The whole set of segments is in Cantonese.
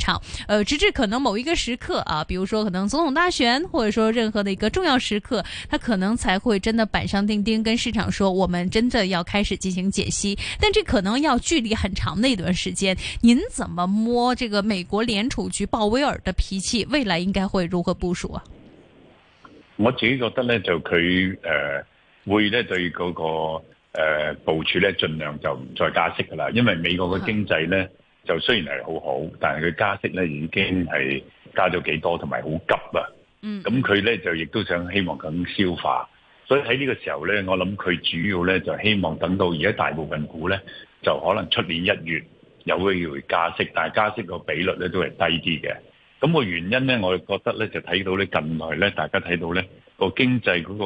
場，呃，直至可能某一個時刻啊，比如說可能總統大選，或者說任何的一個重要時刻，他可能才會真的板上釘釘，跟市場說我們真的要開始進行解析。但這可能要距離很長的一段時間。您怎麼摸這個美國聯儲局鮑威爾的脾氣？未來應該會如何部署啊？我自己覺得呢，就佢誒、呃、會對嗰、嗰個誒、呃、部署呢盡量就唔再加息噶啦，因為美國嘅經濟呢。就雖然係好好，但係佢加息咧已經係加咗幾多，同埋好急啊！咁佢咧就亦都想希望咁消化，所以喺呢個時候咧，我諗佢主要咧就希望等到而家大部分股咧，就可能出年一月有機會加息，但係加息個比率咧都係低啲嘅。咁個原因咧，我哋覺得咧就睇到咧近來咧，大家睇到咧個經濟嗰個、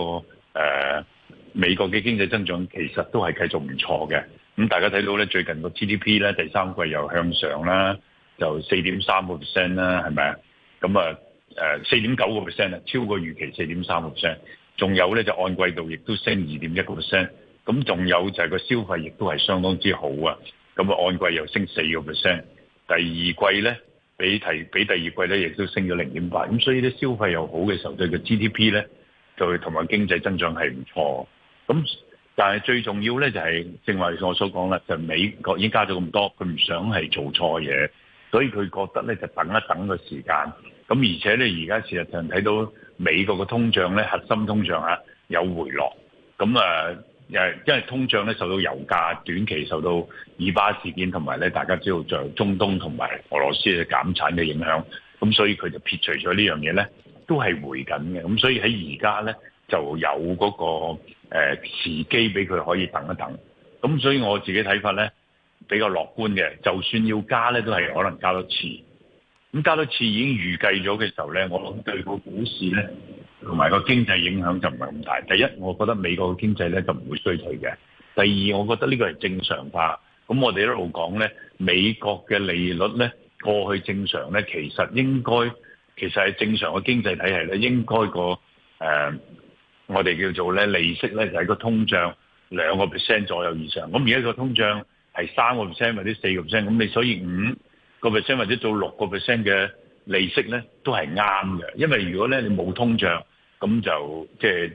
呃、美國嘅經濟增長其實都係繼續唔錯嘅。咁大家睇到咧，最近個 GDP 咧第三季又向上啦，就四點三個 percent 啦，係咪啊？咁啊，誒四點九個 percent 啊，超過預期四點三個 percent。仲有咧就按季度亦都升二點一個 percent。咁仲有就係個消費亦都係相當之好啊。咁啊按季又升四個 percent。第二季咧，比提比第二季咧亦都升咗零點八。咁所以咧消費又好嘅時候，對個 GDP 咧就同埋經濟增長係唔錯。咁但係最重要咧，就係正話我所講啦，就美國已經加咗咁多，佢唔想係做錯嘢，所以佢覺得咧就等一等個時間。咁而且咧，而家事實上睇到美國嘅通脹咧，核心通脹啊有回落。咁啊，誒，因為通脹咧受到油價短期受到以巴事件同埋咧大家知道在中東同埋俄羅斯嘅減產嘅影響，咁所以佢就撇除咗呢樣嘢咧，都係回緊嘅。咁所以喺而家咧。就有嗰、那個誒時、呃、機俾佢可以等一等，咁所以我自己睇法呢，比較樂觀嘅。就算要加呢，都係可能加多次。咁加多次已經預計咗嘅時候呢，我諗對個股市呢，同埋個經濟影響就唔係咁大。第一，我覺得美國嘅經濟呢，就唔會衰退嘅。第二，我覺得呢個係正常化。咁我哋一路講呢，美國嘅利率呢，過去正常呢，其實應該其實係正常嘅經濟體系呢，應該、那個誒。呃我哋叫做咧利息咧就係個通脹兩個 percent 左右以上，咁而家個通脹係三個 percent 或者四個 percent，咁你所以五個 percent 或者到六個 percent 嘅利息咧都係啱嘅，因為如果咧你冇通脹，咁就即係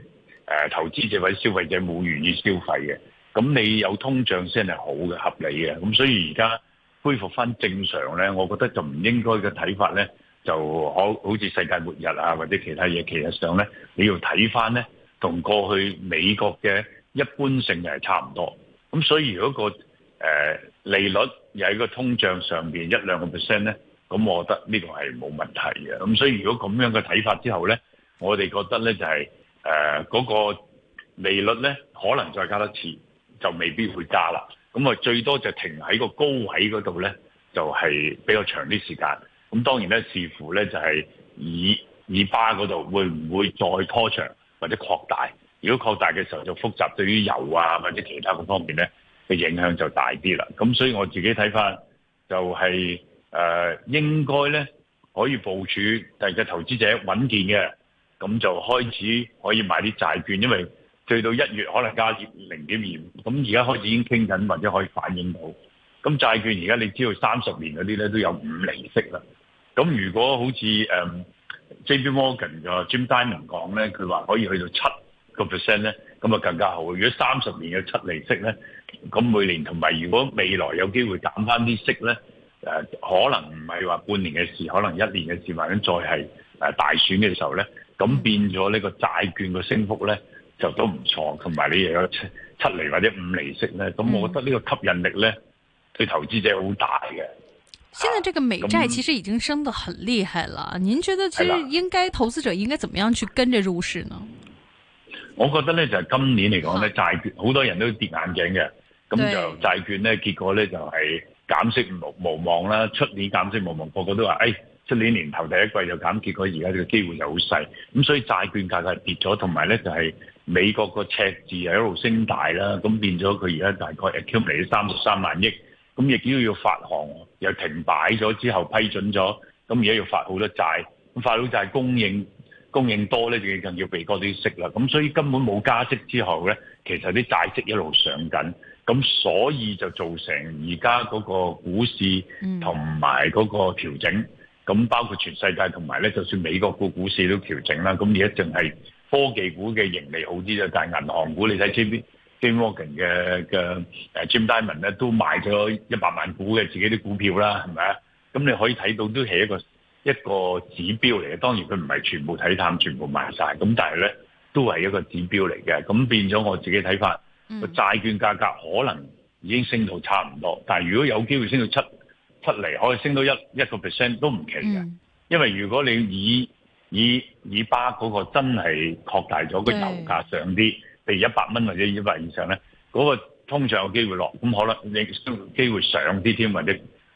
誒投資者或者消費者冇願意消費嘅，咁你有通脹先係好嘅合理嘅，咁所以而家恢復翻正常咧，我覺得就唔應該嘅睇法咧，就好好似世界末日啊或者其他嘢，其實上咧你要睇翻咧。同過去美國嘅一般性就係差唔多，咁所以如果個誒利率又喺個通脹上面一兩個 percent 咧，咁我覺得呢個係冇問題嘅。咁所以如果咁樣嘅睇法之後咧，我哋覺得咧就係誒嗰個利率咧可能再加得次就未必會加啦，咁啊最多就停喺個高位嗰度咧，就係比較長啲時間。咁當然咧，視乎咧就係以以巴嗰度會唔會再拖長。或者擴大，如果擴大嘅時候就複雜，對於油啊或者其他嗰方面呢嘅影響就大啲啦。咁所以我自己睇返，就係、是、誒、呃、應該呢可以部署，第二嘅投資者穩健嘅，咁就開始可以買啲債券，因為去到一月可能加至零點二五，咁而家開始已經傾緊或者可以反映到。咁債券而家你知道三十年嗰啲呢都有五厘息啦。咁如果好似誒。嗯 J.P.Morgan 嘅 Jim Dimon a d 講咧，佢話可以去到七個 percent 咧，咁啊更加好。如果三十年嘅七釐息咧，咁每年同埋如果未來有機會減翻啲息咧，誒可能唔係話半年嘅事，可能一年嘅事，或者再係誒大選嘅時候咧，咁變咗呢個債券嘅升幅咧就都唔錯，同埋你又有七七厘或者五厘息咧，咁我覺得呢個吸引力咧對投資者好大嘅。現在這個美債其實已經升得很厲害啦，啊、您覺得其實應該投資者應該怎麼樣去跟着入市呢？hazards 對我覺得呢，就係、是、今年嚟講呢債券好多人都跌眼鏡嘅，咁就對債券呢，結果呢就係減息無無望啦，出年減息無望，個個都話誒，出年年頭第一季就減，結果而家呢個機會又好細，咁所以債券價格跌咗，同埋呢就係美國個赤字喺度升大啦，咁變咗佢而家大概 accumulate 三十三萬億，咁亦都要要發行。又停擺咗之後批准咗，咁而家又發好多債，咁發好多債供應供應多咧，就更要畀嗰啲息啦。咁所以根本冇加息之後咧，其實啲債息一路上緊，咁所以就造成而家嗰個股市同埋嗰個調整。咁、嗯、包括全世界同埋咧，就算美國個股市都調整啦。咁而家淨係科技股嘅盈利好啲啫，但係銀行股你睇邊邊。Jim Oken 嘅嘅誒 Jim Diamond 咧都賣咗一百萬股嘅自己啲股票啦，係咪啊？咁你可以睇到都係一個一個指標嚟嘅。當然佢唔係全部睇淡，全部賣晒。咁但係咧都係一個指標嚟嘅。咁變咗我自己睇法，個、嗯、債券價格可能已經升到差唔多。但係如果有機會升到七七釐，可以升到一一個 percent 都唔奇嘅。嗯、因為如果你以以以巴嗰個真係擴大咗，個油價上啲。係一百蚊或者一百以上咧，嗰、那個通常有機會落，咁可能你機會上啲添，或者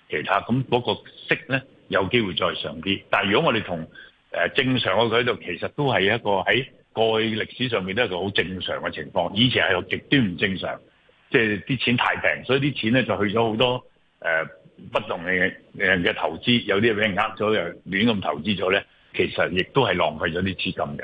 其他，咁、那、嗰個息咧有機會再上啲。但係如果我哋同誒正常嘅軌道，其實都係一個喺過去歷史上面都係一個好正常嘅情況。以前係個極端唔正常，即係啲錢太平，所以啲錢咧就去咗好多誒不同嘅嘅投資，有啲俾人呃咗又亂咁投資咗咧，其實亦都係浪費咗啲資金嘅。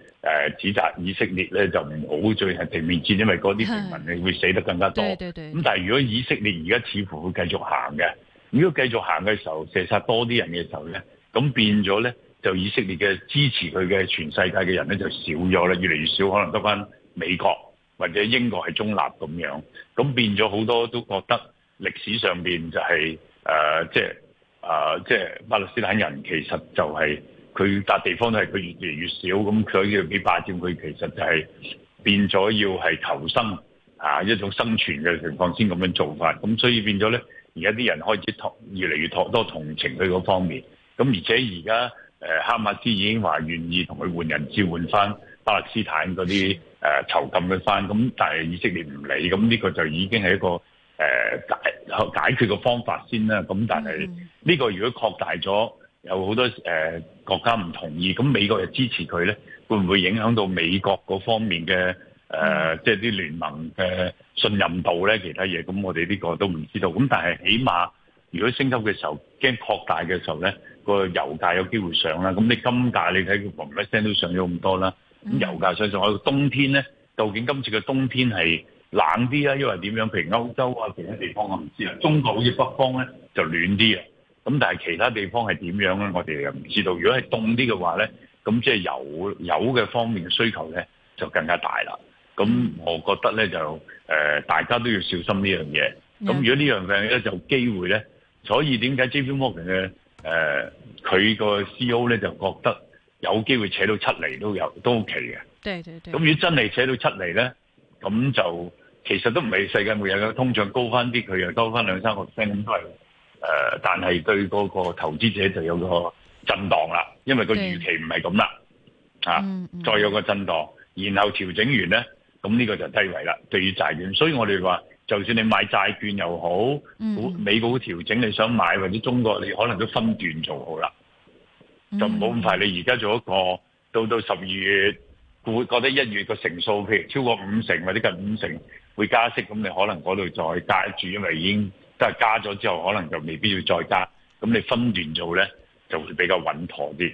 誒、呃、指責以色列咧就唔好再行地面戰，因為嗰啲平民你會死得更加多。咁但係如果以色列而家似乎會繼續行嘅，如果繼續行嘅時候射殺多啲人嘅時候咧，咁變咗咧就以色列嘅支持佢嘅全世界嘅人咧就少咗啦，越嚟越少，可能得返美國或者英國係中立咁樣，咁變咗好多都覺得歷史上面就係、是、誒、呃、即係誒、呃、即係巴勒斯坦人其實就係、是。佢笪地方都係佢越嚟越少，咁佢喺呢度霸佔，佢其實就係變咗要係求生啊，一種生存嘅情況先咁樣做法，咁所以變咗咧，而家啲人開始越嚟越多同情佢嗰方面，咁而且而家誒哈馬斯已經話願意同佢換人，召換翻巴勒斯坦嗰啲誒囚禁佢翻，咁、呃、但係以色列唔理，咁呢個就已經係一個誒解、呃、解決嘅方法先啦，咁但係呢個如果擴大咗。有好多誒、呃、國家唔同意，咁美國又支持佢咧，會唔會影響到美國嗰方面嘅誒，即係啲聯盟嘅信任度咧？其他嘢，咁我哋呢個都唔知道。咁但係起碼，如果升級嘅時候驚擴大嘅時候咧，個油價有機會上啦。咁你金價你睇佢唔一聲都上咗咁多啦。咁油價上上，我個冬天咧，究竟今次嘅冬天係冷啲啊？因為點樣？譬如歐洲啊，其他地方我唔知啊。中國好似北方咧就暖啲啊。咁但係其他地方係點樣咧？我哋又唔知道。如果係凍啲嘅話咧，咁即係油油嘅方面嘅需求咧就更加大啦。咁我覺得咧就誒、呃、大家都要小心呢樣嘢。咁的如果呢樣嘢咧就有機會咧，所以點解 J.P.Morgan 嘅誒佢、呃、個 CEO 咧就覺得有機會扯到七厘都有都 OK 嘅。咁的如果真係扯到七厘咧，咁就其實都唔係世界末日嘅，通脹高翻啲，佢又多翻兩三個 percent 都係。誒、呃，但係對嗰個投資者就有個震盪啦，因為個預期唔係咁啦，是啊，再有個震盪，然後調整完呢，咁呢個就低位啦，對於債券，所以我哋話，就算你買債券又好，嗯、美股調整，你想買或者中國，你可能都分段做好啦，嗯、就唔好咁快。你而家做一個到到十二月，會覺得一月個成數譬如超過五成或者近五成會加息，咁你可能嗰度再揸住，因為已經。即係加咗之後，可能就未必要再加，咁你分段做咧，就會比較穩妥啲。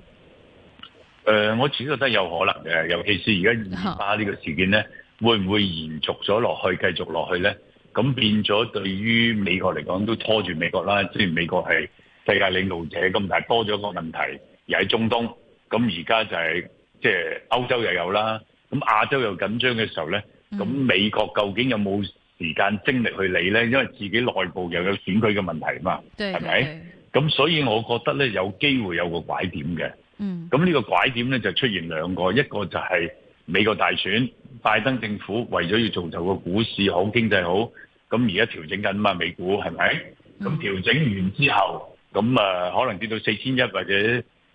誒、呃，我始終都覺得有可能嘅，尤其是而家以巴呢個事件咧，會唔會延續咗落去，繼續落去咧？咁變咗對於美國嚟講，都拖住美國啦。雖然美國係世界領導者咁大，咁但係多咗個問題，而喺中東，咁而家就係、是、即係歐洲又有啦，咁亞洲又緊張嘅時候咧，咁美國究竟有冇時間精力去理咧？因為自己內部又有選舉嘅問題嘛，係咪對？咁所以我覺得咧，有機會有個拐點嘅。咁呢、嗯、個拐點咧就出現兩個，一個就係美國大選，拜登政府為咗要做就個股市好、經濟好，咁而家調整緊嘛，美股係咪？咁調整完之後，咁啊、呃、可能跌到四千一或者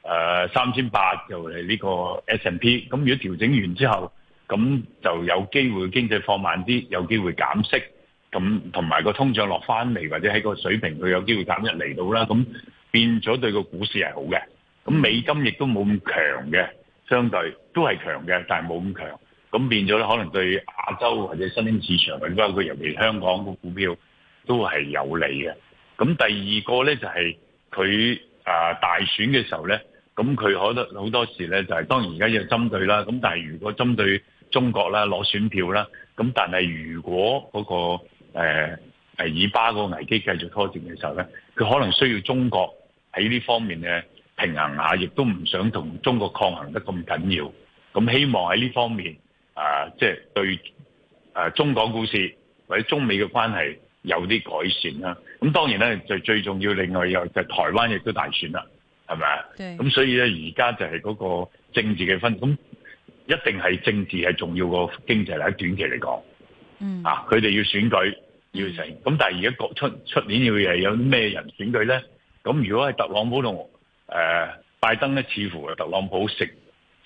誒三千八就嚟呢個 S&P。咁如果調整完之後，咁就有機會經濟放慢啲，有機會減息，咁同埋個通脹落翻嚟或者喺個水平，佢有機會減一嚟到啦，咁變咗對個股市係好嘅。咁美金亦都冇咁強嘅，相對都係強嘅，但係冇咁強。咁變咗咧，可能對亞洲或者新興市場，包括尤其香港個股票都係有利嘅。咁第二個咧就係佢啊大選嘅時候咧，咁佢好多好多時咧就係、是、當然而家要針對啦。咁但係如果針對中國啦攞選票啦，咁但係如果嗰、那個誒、呃、以巴嗰個危機繼續拖延嘅時候咧，佢可能需要中國喺呢方面嘅。平衡下，亦都唔想同中國抗衡得咁緊要。咁、嗯、希望喺呢方面，啊、呃，即係對、呃、中港股市或者中美嘅關係有啲改善啦、啊。咁、嗯、當然咧，就最重要，另外有就台灣亦都大選啦，係咪啊？咁對、嗯、所以咧，而家就係嗰個政治嘅分，咁一定係政治係重要過經濟嚟，喺短期嚟講。嗯。啊，佢哋要選舉要成，咁但係而家出出年要係有啲咩人選舉咧？咁、嗯、如果係特朗普同？誒，uh, 拜登咧，似乎特朗普成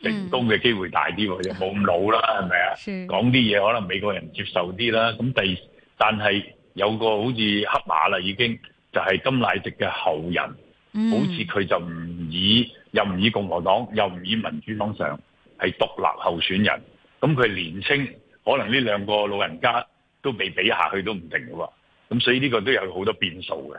成功嘅機會大啲，又冇咁老啦，係咪啊？講啲嘢可能美國人接受啲啦。咁第，但係有個好似黑馬啦，已經就係甘迺迪嘅後人，好似佢就唔以又唔以共和黨，又唔以民主黨上，係獨立候選人。咁佢年青，可能呢兩個老人家都未比下去都唔定嘅。咁所以呢個都有好多變數嘅。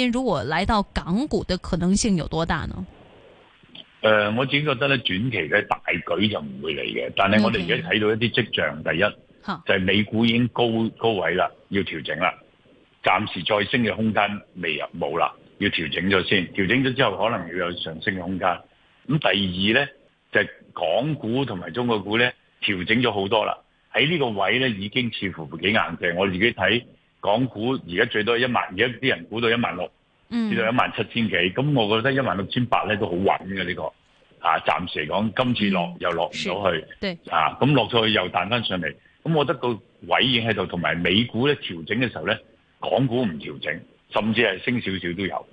如果來到港股的可能性有多大呢？誒、呃，我自己覺得咧，短期嘅大舉就唔會嚟嘅。但係我哋而家睇到一啲跡象，Okay. 第一就係、是、美股已經高高位啦，要調整啦，暫時再升嘅空間未冇啦，要調整咗先。調整咗之後，可能要有上升嘅空間。咁第二呢，就係、是、港股同埋中國股呢，調整咗好多啦，喺呢個位呢，已經似乎幾硬淨。我自己睇。港股而家最多一萬，而家啲人估到一萬六，至到一萬七千幾。咁、嗯、我覺得一萬六千八咧都好穩嘅呢、呢個啊。暫時嚟講，今次落又落唔到去、嗯、啊，咁落咗去又彈翻上嚟。咁我覺得個位已經喺度，同埋美股咧調整嘅時候咧，港股唔調整，甚至係升少少都有。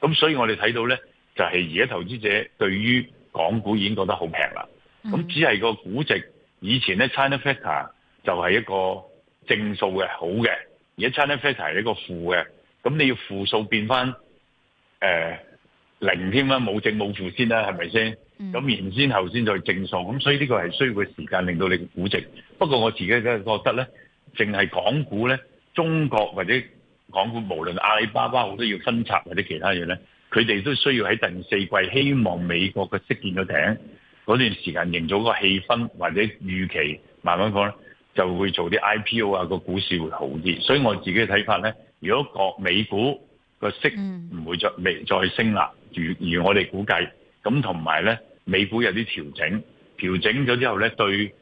咁所以我哋睇到咧，就係而家投資者對於港股已經覺得好平啦。咁、嗯、只係個估值以前咧，China Factor 就係一個正數嘅好嘅。而一餐咧 f i t 係一個負嘅，咁你要負數變翻誒、呃、零添啦，冇正冇負先啦，係咪先？咁、mm. 然之後先再正數，咁所以呢個係需要個時間令到你估值。不過我自己咧覺得咧，淨係港股咧，中國或者港股，無論阿里巴巴，好多要分拆或者其他嘢咧，佢哋都需要喺第四季，希望美國嘅息見咗頂嗰段時間，營造個氣氛或者預期，慢慢講咧。就會做啲 IPO 啊，個股市會好啲，所以我自己嘅睇法呢，如果個美股個息唔會再未再升啦，如而我哋估計咁，同埋呢，美股有啲調整，調整咗之後呢，對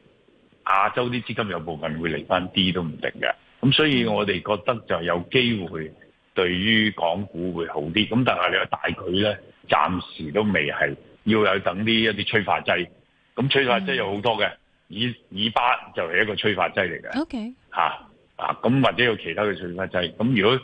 亞洲啲資金有部分會嚟翻啲都唔定嘅，咁所以我哋覺得就有機會對於港股會好啲，咁但係你話大舉呢，暫時都未係，要有等啲一啲催化劑，咁催化劑有好多嘅。嗯以以巴就係一個催化劑嚟嘅，吓 Okay. 啊咁、啊、或者有其他嘅催化劑。咁如果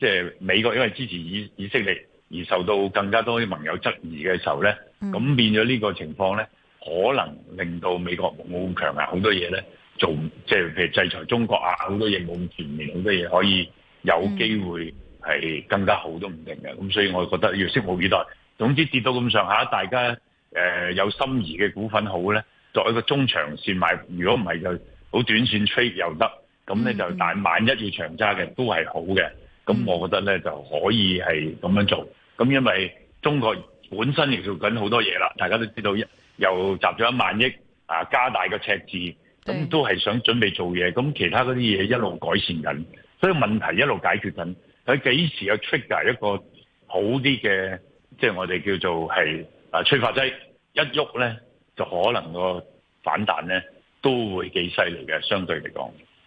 即係、就是、美國因為支持以以色列而受到更加多啲盟友質疑嘅時候咧，咁、mm. 變咗呢個情況咧，可能令到美國冇咁強硬，好多嘢咧做，即、就、係、是、譬如制裁中國啊，好多嘢冇咁全面，好多嘢可以有機會係更加好都唔定嘅。咁、mm. 啊、所以我覺得要拭目以待。總之跌到咁上下，大家誒、呃、有心儀嘅股份好咧。作一個中長線買，如果唔係就好短線 trade 又得，咁咧就、嗯、但萬一要長揸嘅都係好嘅，咁我覺得咧就可以係咁樣做，咁因為中國本身亦做緊好多嘢啦，大家都知道又集咗一萬億啊，加大個赤字，咁都係想準備做嘢，咁其他嗰啲嘢一路改善緊，所以問題一路解決緊，喺幾時有 trigger 一個好啲嘅，即係我哋叫做係啊催化劑一喐咧。就可能個反彈咧，都會幾犀利嘅，相對嚟講。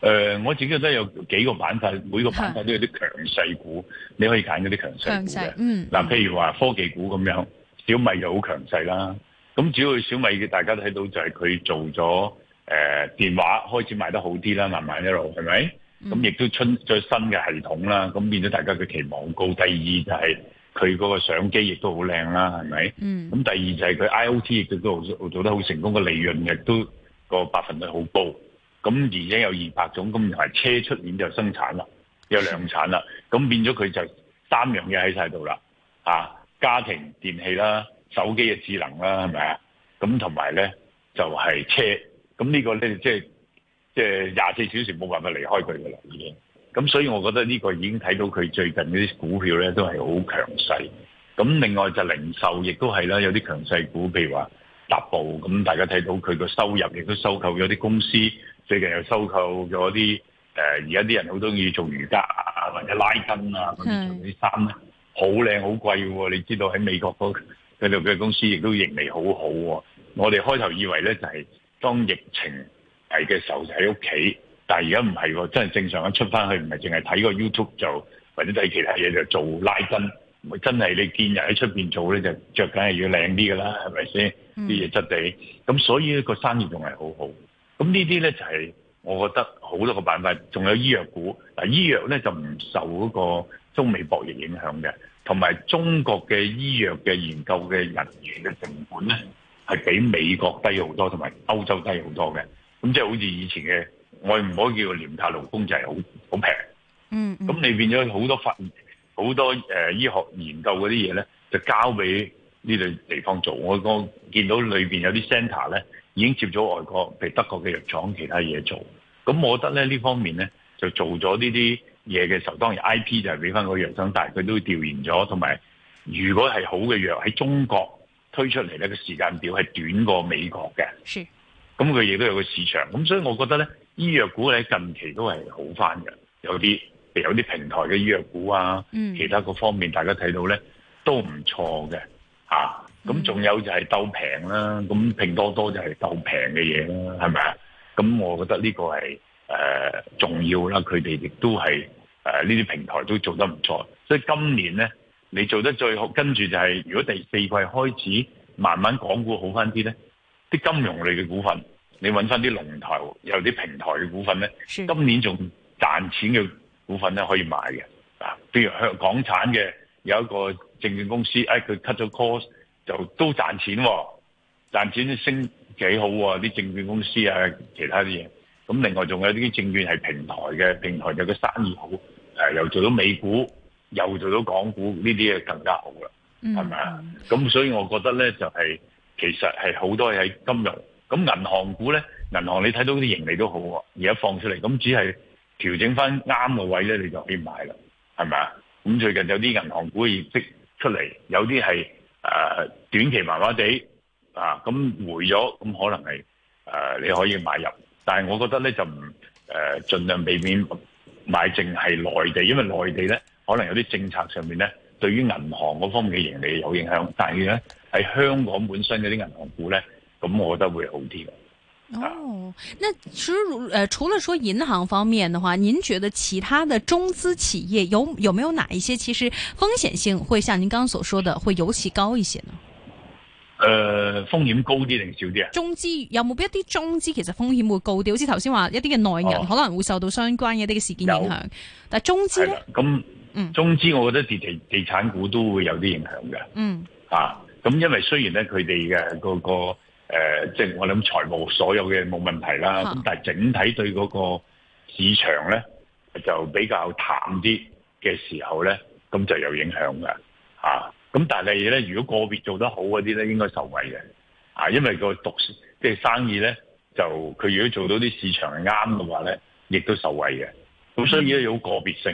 誒、呃，我自己覺得有幾個板塊，每個板塊都有啲強勢股，是你可以揀嗰啲強勢股嘅。強勢、嗯。嗱、啊，譬如話科技股咁樣，嗯、小米又好強勢啦。咁主要小米大家都睇到就係佢做咗誒、呃、電話開始賣得好啲啦，慢慢一路係咪？咁亦、嗯、都出咗新嘅系統啦，咁變咗大家嘅期望高。第二就係佢嗰個相機亦都好靚啦，係咪？嗯。咁第二就係佢 IoT 亦都做做得好成功，個利潤亦都個百分率好高。咁而且有二百種，咁就係車出年就生產啦，有量產啦，咁變咗佢就三樣嘢喺晒度啦，啊，家庭電器啦，手機嘅智能啦，係咪啊？咁同埋咧就係車，咁呢個咧即係即係廿四小時冇辦法離開佢嘅嘢已經。咁所以我覺得呢個已經睇到佢最近嗰啲股票咧都係好強勢。咁另外就零售亦都係啦，有啲強勢股，譬如話達步，咁大家睇到佢個收入亦都收購咗啲公司。最近又收購咗啲誒，而家啲人好中意做瑜伽啊，或者拉筋啊嗰啲，做啲衫好靚好貴喎、哦。你知道喺美國嗰度嘅公司亦都盈利好好、哦、喎。我哋開頭以為咧就係、是、當疫情係嘅時候就喺屋企，但係而家唔係，真係正常咁出翻去，唔係淨係睇個 YouTube 就或者睇其他嘢就做拉筋。真係你見人喺出邊做咧，就着緊係要靚啲噶啦，係咪先啲嘢質地？咁、嗯、所以個生意仲係好好。咁呢啲咧就係我覺得好多個辦法，仲有醫藥股。嗱，醫藥咧就唔受嗰個中美博弈影響嘅，同埋中國嘅醫藥嘅研究嘅人員嘅成本咧，係比美國低好多，同埋歐洲低好多嘅。咁即係好似以前嘅，我唔可以叫做廉價勞工就，就係好好平。嗯，嗯。咁你變咗好多發好多醫學研究嗰啲嘢咧，就交俾呢類地方做。我我見到裏面有啲 center 咧。已經接咗外國，譬如德國嘅藥廠其他嘢做，咁我覺得咧呢方面咧就做咗呢啲嘢嘅時候，當然 IP 就係俾翻個藥商，但係佢都調研咗，同埋如果係好嘅藥喺中國推出嚟咧，個時間表係短過美國嘅，咁佢亦都有個市場，咁所以我覺得咧醫藥股喺近期都係好翻嘅，有啲有啲平台嘅醫藥股啊，嗯、其他個方面大家睇到咧都唔錯嘅，吓、啊。咁仲有就係鬥平啦，咁拼多多就係鬥平嘅嘢啦，係咪啊？咁我覺得呢個係誒、呃、重要啦。佢哋亦都係誒呢啲平台都做得唔錯。所以今年呢，你做得最好，跟住就係、是、如果第四季開始慢慢港股好翻啲呢啲金融類嘅股份，你揾翻啲龍頭有啲平台嘅股份呢，是今年仲賺錢嘅股份呢，可以買嘅啊，比如香港產嘅有一個證券公司，哎佢 cut 咗 cost 就都賺錢、哦，賺錢升幾好喎！啲證券公司啊，其他啲嘢。咁另外仲有啲啲證券係平台嘅，平台有個生意好、呃，又做到美股，又做到港股，呢啲嘢更加好啦，係咪啊？咁、mm. 所以我覺得咧，就係、是、其實係好多嘢喺金融。咁銀行股咧，銀行你睇到啲盈利都好喎，而家放出嚟，咁只係調整翻啱嘅位咧，你就可以買啦，係咪啊？咁最近有啲銀行股業績出嚟，有啲係。誒，短期麻麻地啊，咁回咗，咁可能係誒、呃，你可以買入，但係我覺得咧就唔誒，盡量避免買淨係內地，因為內地咧可能有啲政策上面咧，對於銀行嗰方面嘅盈利有影響，但係咧喺香港本身嗰啲銀行股咧，咁我覺得會好啲。哦，那其誒、呃，除了說銀行方面的話，您覺得其他的中資企業有有沒有哪一些其實風險性會像您剛剛所說的會尤其高一些呢？誒、呃，風險高啲定少啲啊？中資有冇一啲中資其實風險會高啲？好似頭先話一啲嘅內銀可能會受到相關嘅一啲事件影響，有但係中資呢咁，中資我覺得地地、嗯、地產股都會有啲影響嘅，嗯，啊，咁因為雖然呢佢哋嘅嗰個。那個誒，即係、呃就是、我諗財務所有嘅冇問題啦。咁、嗯、但係整體對嗰個市場咧，就比較淡啲嘅時候咧，咁就有影響嘅嚇。咁、啊、但係咧，如果個別做得好嗰啲咧，應該受惠嘅嚇、啊，因為個讀即係生意咧，就佢如果做到啲市場係啱嘅話咧，亦都受惠嘅。咁所以咧，有個別性。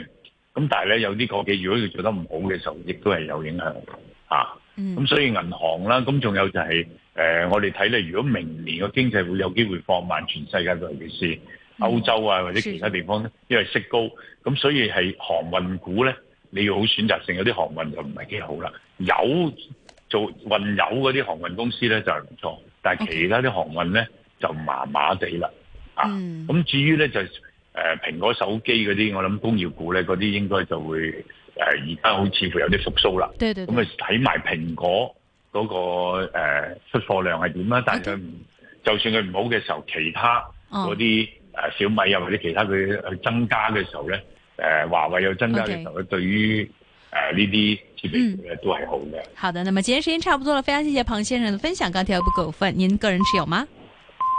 咁、嗯、但係咧，有啲個別如果佢做得唔好嘅時候，亦都係有影響嘅嚇。咁、啊嗯啊、所以銀行啦，咁仲有就係、是。誒、呃，我哋睇咧，如果明年個經濟會有機會放慢，全世界尤其是歐洲啊，或者其他地方咧，因為息高，咁所以係航運股咧，你要好選擇性，有啲航運就唔係幾好啦。有做運油嗰啲航運公司咧，就係唔錯，但係其他啲航運咧就麻麻地啦。Okay. 啊，咁、嗯、至於咧就誒、呃、蘋果手機嗰啲，我諗工業股咧嗰啲應該就會誒而家好似會有啲復甦啦。對對，咁啊睇埋蘋果。嗰、那個誒、呃、出貨量係點啦？但係佢唔就算佢唔好嘅時候，其他嗰啲誒小米啊或者其他佢去增加嘅時候咧，誒、呃、華為又增加嘅時候咧，Okay. 對於誒呢啲設備咧都係好嘅、嗯。好的，那麼今日時間差唔多啦，非常謝謝龐先生嘅分享。鋼鐵股股份，您個人持有嗎？